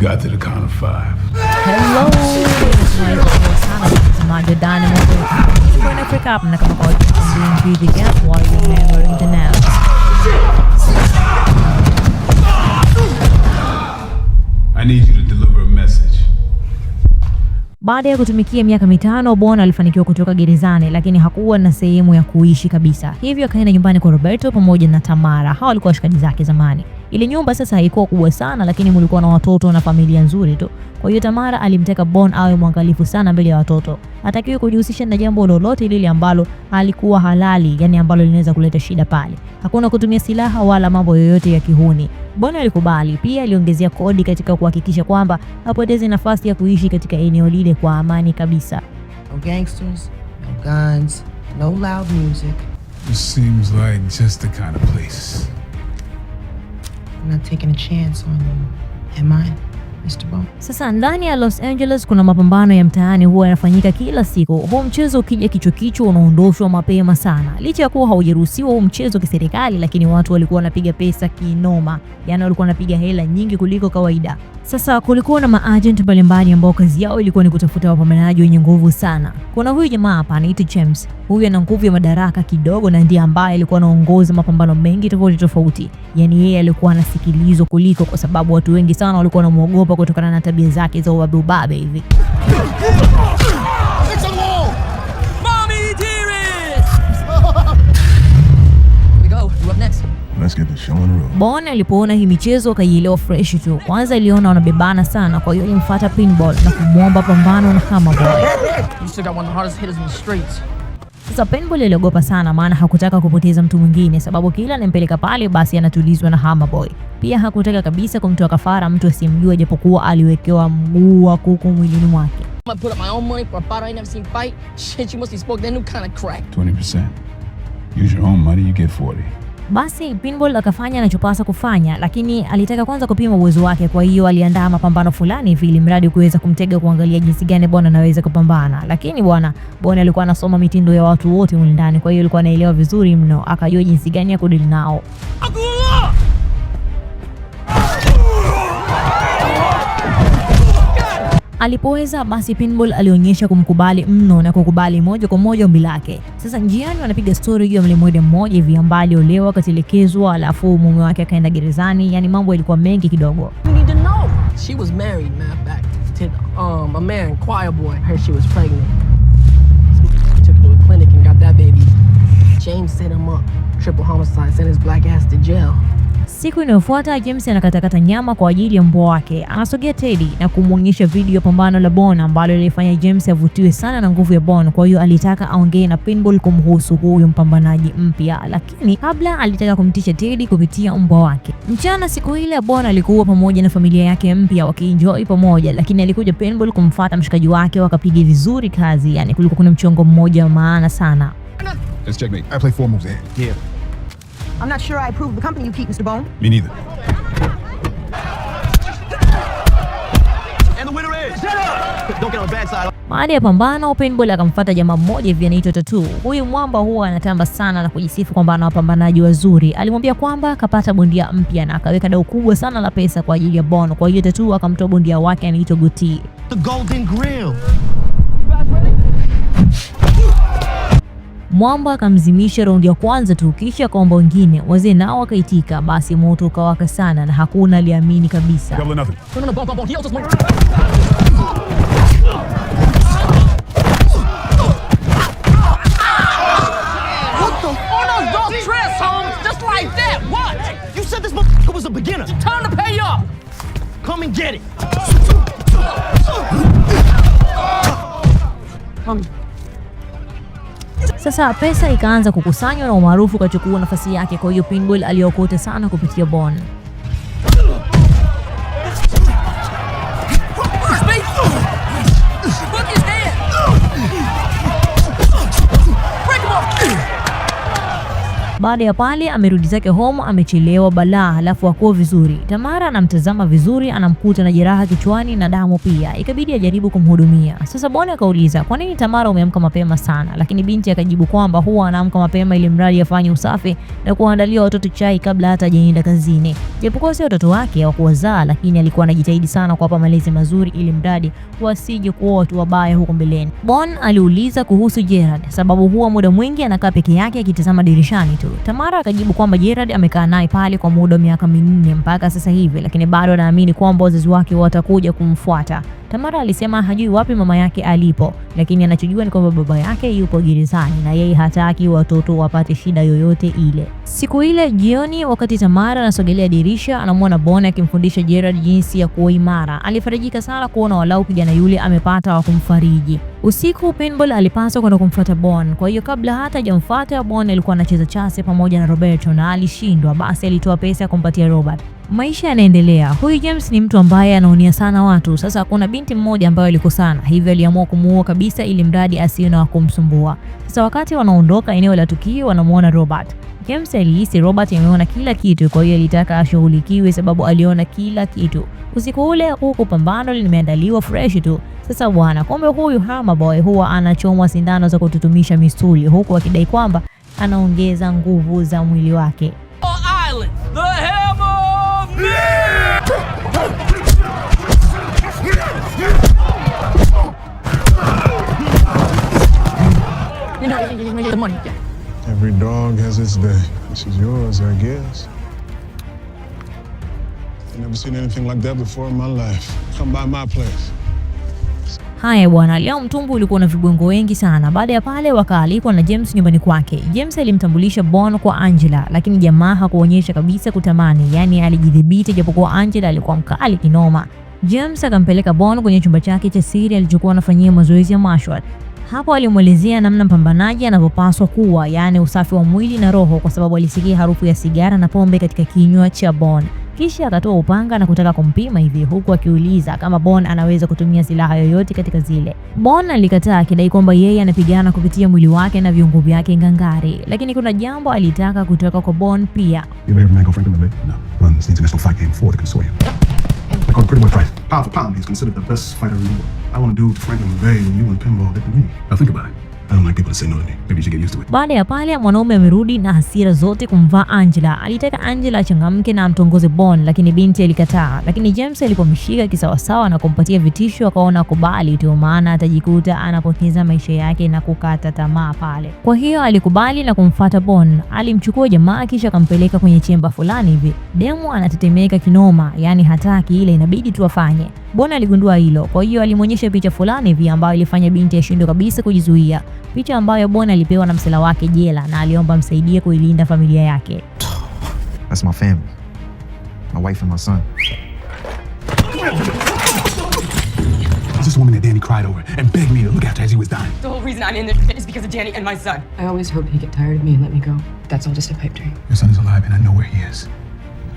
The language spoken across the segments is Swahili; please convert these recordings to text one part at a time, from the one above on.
You got to the count of five. Hello, I need you to deliver a message. Baada ya kutumikia miaka mitano, Bon alifanikiwa kutoka gerezani, lakini hakuwa na sehemu ya kuishi kabisa, hivyo akaenda nyumbani kwa Roberto pamoja na Tamara. Hawa walikuwa washikaji zake zamani. Ile nyumba sasa haikuwa kubwa sana, lakini mlikuwa na watoto na familia nzuri tu. Kwa hiyo Tamara alimtaka Bon awe mwangalifu sana mbele ya watoto, hatakiwi kujihusisha na jambo lolote lile ambalo halikuwa halali, yani ambalo linaweza kuleta shida pale. Hakuna kutumia silaha wala mambo yoyote ya kihuni. Bon alikubali, pia aliongezea kodi katika kuhakikisha kwamba hapotezi nafasi ya kuishi katika eneo lile kwa amani kabisa. No gangsters, no guns, no loud music. It seems like just the kind of place sasa ndani ya Los Angeles kuna mapambano ya mtaani huwa yanafanyika kila siku. Huu mchezo ukija kichwa kichwa unaondoshwa mapema sana, licha ya kuwa haujaruhusiwa huu mchezo kiserikali, lakini watu walikuwa wanapiga pesa kinoma, yaani walikuwa wanapiga hela nyingi kuliko kawaida. Sasa kulikuwa na maagent mbalimbali ambao kazi yao ilikuwa ni kutafuta wapambanaji wenye nguvu sana. Kuna huyu jamaa hapa anaitwa James. Huyu ana nguvu ya madaraka kidogo na ndiye ambaye alikuwa anaongoza mapambano mengi tofauti tofauti. Yaani yeye alikuwa anasikilizwa kuliko, kwa sababu watu wengi sana walikuwa wanamwogopa kutokana na tabia zake za ubabe ubabe hivi. Bon alipoona hii michezo akaielewa fresh tu. Kwanza aliona wanabebana sana, kwa hiyo alimfuata Pinball na kumwomba pambano na boy. Sasa Pinball aliogopa sana, maana hakutaka kupoteza mtu mwingine, sababu kila anampeleka pale basi anatulizwa na Boy. Pia hakutaka kabisa kumtoa kafara mtu asiyemjua, japokuwa aliwekewa mguu wa kuku mwilini mwake. Basi Pinball akafanya anachopasa kufanya, lakini alitaka kwanza kupima uwezo wake. Kwa hiyo aliandaa mapambano fulani vile, mradi kuweza kumtega, kuangalia jinsi gani bwana anaweza kupambana. Lakini bwana bwana alikuwa anasoma mitindo ya watu wote ndani, kwa hiyo alikuwa anaelewa vizuri mno, akajua jinsi gani ya kudili nao Aku! Alipoweza basi Pinball alionyesha kumkubali mno na kukubali moja kwa moja ombi lake. Sasa njiani wanapiga stori juu ya mlimwede mmoja hivi ambaye aliolewa akatelekezwa, alafu mume wake akaenda gerezani. Yani mambo yalikuwa mengi kidogo. Siku inayofuata James anakatakata nyama kwa ajili ya mbwa wake. Anasogea Teddy na kumwonyesha video ya pambano la Bon ambalo lilifanya James avutiwe sana na nguvu ya Bon, kwa hiyo alitaka aongee na Pinball kumhusu huyu mpambanaji mpya, lakini kabla alitaka kumtisha Teddy kupitia mbwa wake. Mchana siku ile Bon alikuwa pamoja na familia yake mpya wakienjoy pamoja, lakini alikuja Pinball kumfuata mshikaji wake, wakapiga vizuri kazi. Yani kulikuwa kuna mchongo mmoja maana sana. Let's check me. I play four moves ahead. Yeah. I'm not sure I approve of the company you keep, Mr. Bone. Me neither. And the the winner is. Shut up! Don't get on bad side. Baada ya pambano Painball akamfuata jamaa mmoja hivi anaitwa Tatu. Huyu mwamba huwa anatamba sana na kujisifu kwamba ana wapambanaji wazuri. Alimwambia kwamba kapata bondia mpya na akaweka dau kubwa sana la pesa kwa ajili ya Bono. Kwa hiyo Tatu akamtoa bondia wake anaitwa Guti. The Golden Grill. Mwamba akamzimisha raundi ya kwanza tu, kisha akaomba wengine, wazee nao wakaitika. Basi moto ukawaka sana na hakuna aliamini kabisa. Sasa pesa ikaanza kukusanywa na umaarufu ukachukua nafasi yake, kwa hiyo Pinball aliokota sana kupitia Bon. Baada ya pale amerudi zake home, amechelewa balaa, halafu akuwa vizuri. Tamara anamtazama vizuri, anamkuta na jeraha kichwani na damu pia, ikabidi ajaribu kumhudumia. Sasa Boni akauliza kwa nini Tamara umeamka mapema sana, lakini binti akajibu kwamba huwa anaamka mapema ili mradi afanye usafi na kuandalia watoto chai kabla hata hajaenda kazini. Japokuwa sio watoto wake kuwazaa, lakini alikuwa anajitahidi sana kuwapa malezi mazuri ili mradi wasije kuwa watu wabaya huko mbeleni. Bon aliuliza kuhusu Gerard sababu huwa muda mwingi anakaa peke yake akitazama dirishani tu. Tamara akajibu kwamba Gerald amekaa naye pale kwa muda wa miaka minne mpaka sasa hivi, lakini bado anaamini kwamba wazazi wake watakuja kumfuata Tamara alisema hajui wapi mama yake alipo, lakini anachojua ni kwamba baba yake yupo gerezani na yeye hataki watoto wapate shida yoyote ile. Siku ile jioni, wakati Tamara anasogelea dirisha, anamwona Bon akimfundisha Gerard jinsi ya kuwa imara. Alifarijika sana kuona walau kijana yule amepata wa kumfariji. Usiku Pinball alipaswa kwenda kumfuata Bon, kwa hiyo kabla hata hajamfuata Bon alikuwa anacheza chase pamoja na Roberto na alishindwa, basi alitoa pesa ya kumpatia Robert. Maisha yanaendelea. Huyu James ni mtu ambaye anaonia sana watu. Sasa kuna binti mmoja ambaye alikosana, hivyo aliamua kumuua kabisa, ili mradi asiwe na kumsumbua. Sasa wakati wanaondoka eneo la tukio, wanamuona Robert. James alihisi Robert ameona kila kitu, kwa hiyo alitaka ashughulikiwe sababu aliona kila kitu usiku ule, huku pambano limeandaliwa fresh tu. Sasa bwana, kumbe huyu Hamaboy huwa anachomwa sindano za kututumisha misuli, huku akidai kwamba anaongeza nguvu za mwili wake. Every dog has its day. This is yours, I guess. I've never seen anything like that before in my life. Come by my place. Haya bwana, leo Mtumbu ulikuwa na vibwengo wengi sana. Baada ya pale, wakaalikwa na James nyumbani kwake. James alimtambulisha Bon kwa Angela, lakini jamaa hakuonyesha kabisa kutamani, yaani alijidhibiti, japokuwa Angela alikuwa mkali kinoma. James akampeleka Bon kwenye chumba chake cha siri alichokuwa anafanyia mazoezi ya mashwat. Hapo alimwelezea namna mpambanaji anavyopaswa kuwa, yaani usafi wa mwili na roho, kwa sababu alisikia harufu ya sigara na pombe katika kinywa cha Bon. Kisha akatoa upanga na kutaka kumpima hivi, huku akiuliza kama Bon anaweza kutumia silaha yoyote katika zile. Bon alikataa akidai kwamba yeye anapigana kupitia mwili wake na viungo vyake ngangari, lakini kuna jambo alitaka kutoka kwa Bon pia. I call it pretty much price. Pound for pound, he's considered the best fighter in the world. I want to do what Franklin McVeigh and you and Pinball Hit to me. Now think about it. Baada ya pale mwanaume amerudi na hasira zote kumvaa Angela. Alitaka Angela achangamke na amtongoze Bon, lakini binti alikataa. Lakini James alipomshika kisawasawa na kumpatia vitisho akaona kubali tu, maana atajikuta anapoteza maisha yake na kukata tamaa pale. Kwa hiyo alikubali na kumfata Bon. Alimchukua jamaa kisha akampeleka kwenye chemba fulani hivi. Demu anatetemeka kinoma, yani hataki ile, inabidi tu afanye. Bon aligundua hilo, kwa hiyo alimwonyesha picha fulani hivi ambayo ilifanya binti ashindwe kabisa kujizuia picha ambayo bon alipewa na msela wake jela na aliomba msaidie kuilinda familia yake. That's my family. My wife and my son. This woman that Danny cried over and begged me to look after as he was dying. The whole reason I'm in this is because of Danny and my son. I always he'd get tired of me and let me go. That's all just a pipe dream. Your son is alive and I know where he is.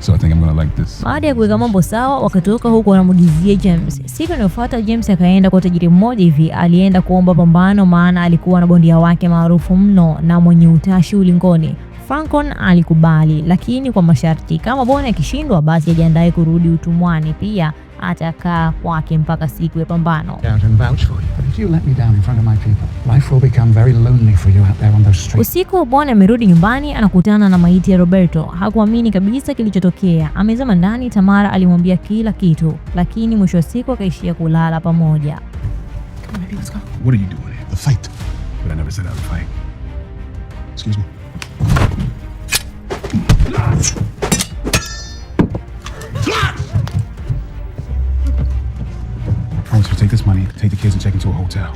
So I think I'm gonna like this. Baada ya kuweka mambo sawa, wakatoka huko wanamgizia James. Siku inayofuata James akaenda kwa tajiri mmoja hivi, alienda kuomba pambano, maana alikuwa na bondia wake maarufu mno na mwenye utashi ulingoni. Francon alikubali, lakini kwa masharti, kama bwana akishindwa, basi ajiandae kurudi utumwani pia atakaa kwake mpaka siku ya pambano. Usiku Bwana amerudi nyumbani, anakutana na maiti ya Roberto. Hakuamini kabisa kilichotokea. Amezama ndani. Tamara alimwambia kila kitu, lakini mwisho wa siku akaishia kulala pamoja. take this money, take the kids and check into a hotel.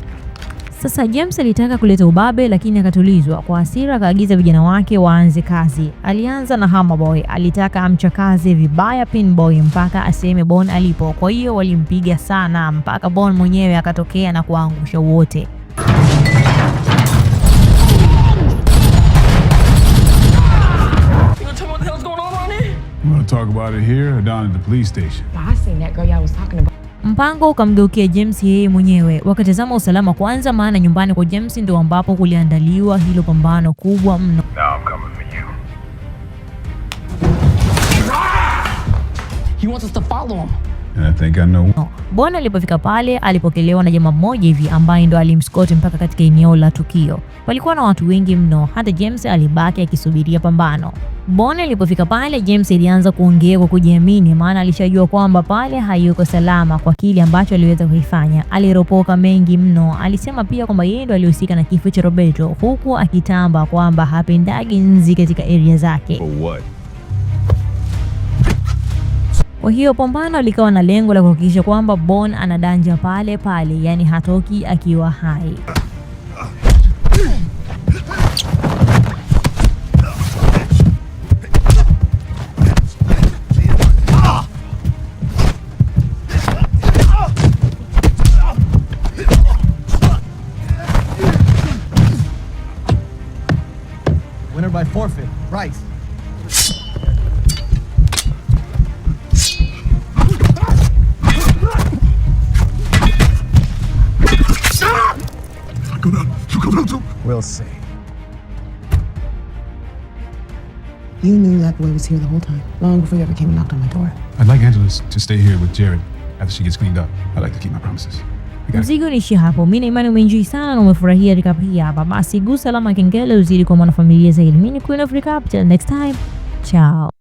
Sasa James alitaka kuleta ubabe lakini akatulizwa kwa hasira, akaagiza vijana wake waanze kazi. Alianza na Hammer Boy, alitaka amchakaze vibaya Pin Boy mpaka aseme Bon alipo. Kwa hiyo walimpiga sana mpaka Bon mwenyewe akatokea na kuangusha wote. talk about it here or down at the police station? I seen that girl y'all was talking about. Mpango ukamgeukia James yeye mwenyewe, wakatazama usalama kwanza, maana nyumbani kwa James ndo ambapo kuliandaliwa hilo pambano kubwa mno. He wants us to follow him. And I think I know. No. Bwana alipofika pale alipokelewa na jamaa mmoja hivi ambaye ndo alimskoti mpaka katika eneo la tukio. Palikuwa na watu wengi mno, hata James alibaki akisubiria pambano. Bwana alipofika pale, James alianza kuongea kwa kujiamini, maana alishajua kwamba pale hayuko salama kwa kile ambacho aliweza kuifanya. Aliropoka mengi mno. Alisema pia kwamba yeye ndo alihusika na kifo cha Roberto, huku akitamba kwamba hapendagi nzi katika area zake. Kwa hiyo pambano likawa na lengo la kuhakikisha kwamba bon anadanja pale pale, yani hatoki akiwa hai. Winner by forfeit. Rice. see. You knew that boy was here the whole time, long before you ever came and knocked on my door. I'd like Angela to stay here with Jared after she gets cleaned up. I'd like to keep my promises. Mzigo unaishia hapo. Mimi na imani umeenjoy sana na umefurahia recap hii hapa. Basi gusa alama kengele uzidi kwa mwanafamilia zaidi. Mimi ni Queen of Recap. Till next time. chao